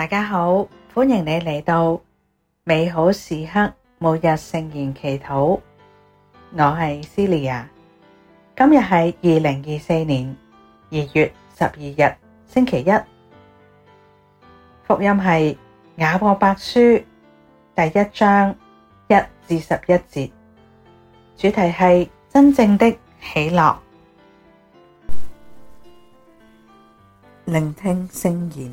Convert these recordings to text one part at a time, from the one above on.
大家好，歡迎你嚟到美好時刻，每日聖言祈禱。我係 Celia，今日係二零二四年二月十二日星期一。福音係雅各伯書第一章一至十一節，主題係真正的喜樂。聆聽聖言。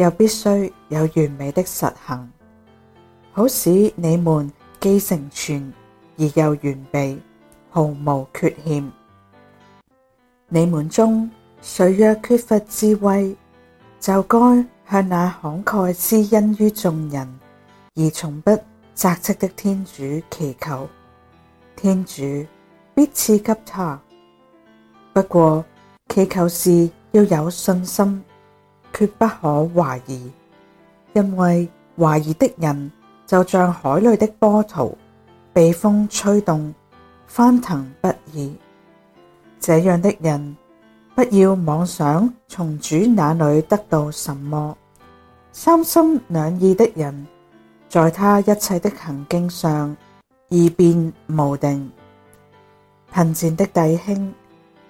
又必須有完美的實行，好使你們既成全而又完備，毫無缺欠。你們中誰若缺乏智慧，就該向那慷慨施恩於眾人而從不責斥的天主祈求，天主必賜給他。不過，祈求時要有信心。絕不可懷疑，因為懷疑的人，就像海裏的波濤，被風吹動，翻騰不已。這樣的人，不要妄想從主那裏得到什麼。三心兩意的人，在他一切的行徑上，易變無定。貧賤的弟兄，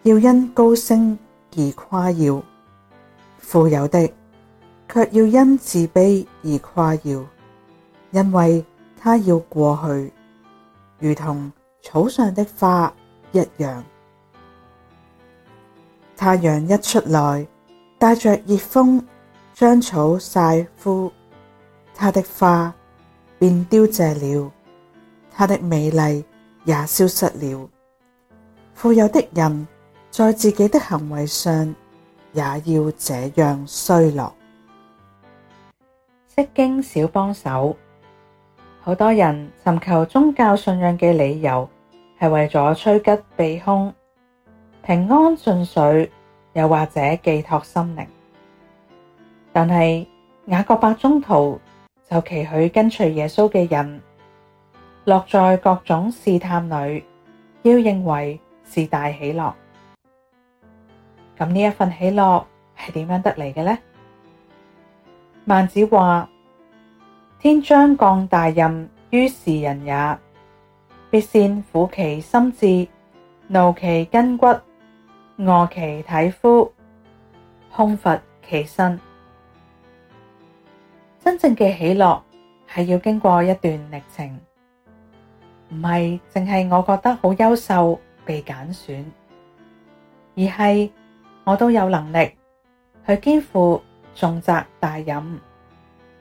要因高升而誇耀。富有的，卻要因自卑而誇耀，因為他要過去，如同草上的花一樣。太陽一出來，帶着熱風，將草曬枯，他的花便凋謝了，他的美麗也消失了。富有的人在自己的行為上，也要這樣衰落。釋經小幫手。好多人尋求宗教信仰嘅理由，係為咗趨吉避凶、平安順遂，又或者寄託心靈。但係雅各伯宗徒就期許跟隨耶穌嘅人，落在各種試探裏，要認為是大喜樂。咁呢一份喜樂係點樣得嚟嘅呢？孟子話：天將降大任於是人也，必先苦其心志，勞其筋骨，餓其體膚，空乏其身。真正嘅喜樂係要經過一段歷程，唔係淨係我覺得好優秀被揀選，而係。我都有能力去肩負重責大任，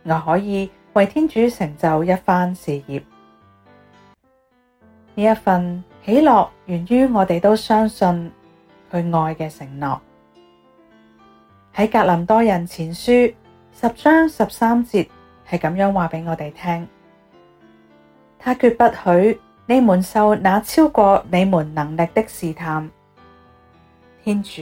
我可以為天主成就一番事業。呢一份喜樂源於我哋都相信佢愛嘅承諾。喺格林多人前書十章十三節係咁樣話俾我哋聽：「他決不許你們受那超過你們能力的試探，天主。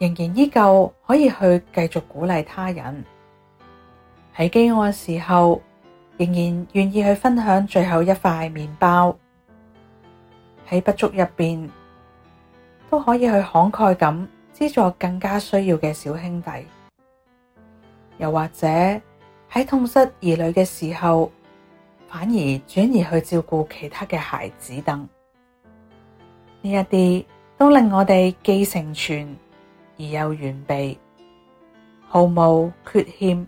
仍然依舊可以去繼續鼓勵他人，喺饑餓嘅時候，仍然願意去分享最後一塊麵包；喺不足入邊，都可以去慷慨咁資助更加需要嘅小兄弟。又或者喺痛失兒女嘅時候，反而轉而去照顧其他嘅孩子等，呢一啲都令我哋既成全。而又完備，毫無缺欠。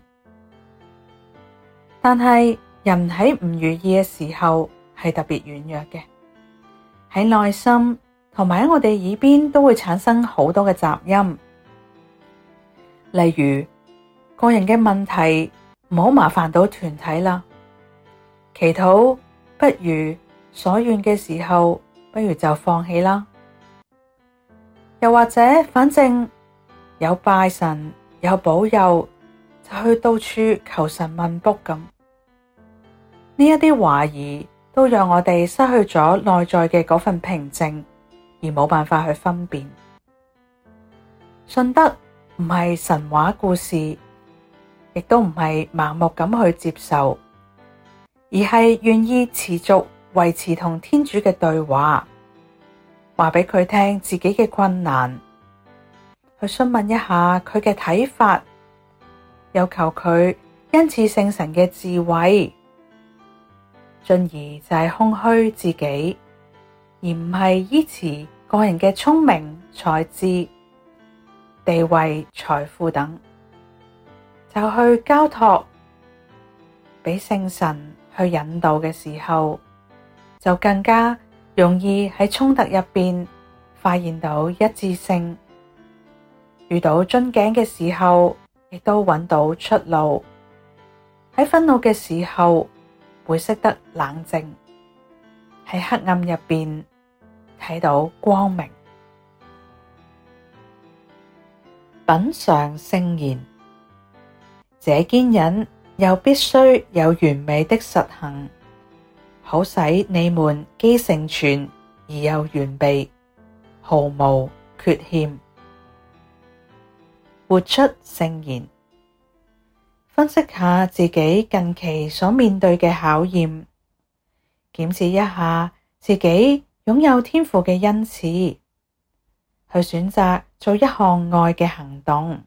但係人喺唔如意嘅時候，係特別軟弱嘅。喺內心同埋喺我哋耳邊都會產生好多嘅雜音，例如個人嘅問題唔好麻煩到團體啦。祈禱不如所願嘅時候，不如就放棄啦。又或者，反正。有拜神，有保佑，就去到處求神問卜咁。呢一啲懷疑都讓我哋失去咗內在嘅嗰份平靜，而冇辦法去分辨。信德唔係神話故事，亦都唔係盲目咁去接受，而係願意持續維持同天主嘅對話，話俾佢聽自己嘅困難。去詢問一下佢嘅睇法，又求佢恩賜聖神嘅智慧，進而就係空虛自己，而唔係依恃個人嘅聰明才智、地位、財富等，就去交託俾聖神去引導嘅時候，就更加容易喺衝突入邊發現到一致性。遇到樽頸嘅時候，亦都揾到出路；喺憤怒嘅時候，會識得冷靜；喺黑暗入邊，睇到光明。品嘗聖言，這堅忍又必須有完美的實行，好使你們既成全而又完備，毫無缺欠。活出聖言，分析一下自己近期所面對嘅考驗，檢視一下自己擁有天父嘅恩賜，去選擇做一項愛嘅行動，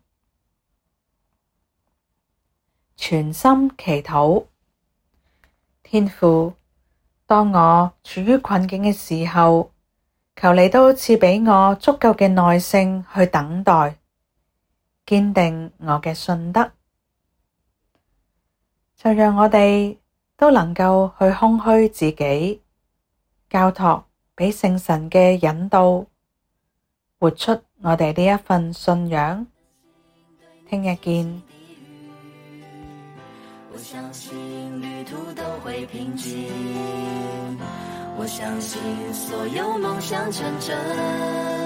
全心祈禱天父，當我處於困境嘅時候，求你都賜俾我足夠嘅耐性去等待。堅定我嘅信德，就讓我哋都能夠去空虛自己，交託俾聖神嘅引導，活出我哋呢一份信仰。聽日見。